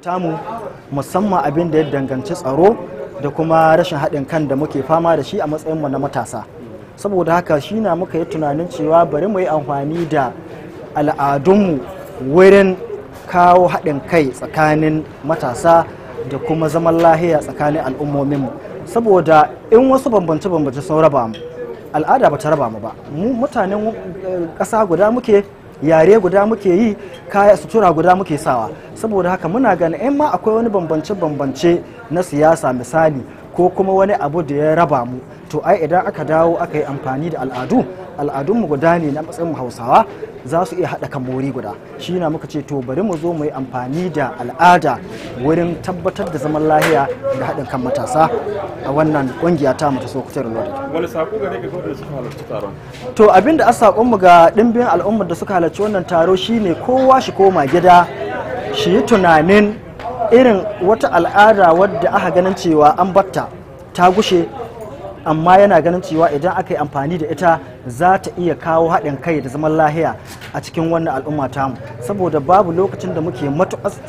tamu musamman abin da ya danganci tsaro da kuma rashin haɗin kan da muke fama da shi a matsayin mu na matasa saboda haka shi na muka yi tunanin cewa bari mu yi amfani da al'adunmu wurin kawo haɗin kai tsakanin matasa da kuma zaman lahiya tsakanin al'ummominmu saboda in wasu bambance-bambance sun raba mu al'ada ba ta raba mu ba mu mutanen eh, ƙasa guda muke yare guda muke yi kaya sutura guda muke sawa saboda haka muna ganin in ma akwai wani bambance-bambance na siyasa misali ko kuma wani abu da ya raba mu to ai idan aka dawo aka yi amfani da al'adu al'adunmu guda ne na matsayin hausawa za su iya haɗa kamori guda shi na muka ce to bari mu zo mu yi amfani da al'ada wurin tabbatar da zaman lahiya da haɗin kan matasa a wannan ƙungiya ta mutu sokutar lori wani sako gare ga da suka halarci taron to abin da a mu ga ɗimbin al'ummar da suka halarci wannan taro shine kowa shi koma gida shi yi tunanin irin wata al'ada wadda aka ganin cewa an batta ta gushe amma yana ganin cewa idan aka yi amfani da ita za ta iya kawo haɗin kai da zaman lahiya a cikin wannan al'umma tamu saboda babu lokacin da muke matuƙar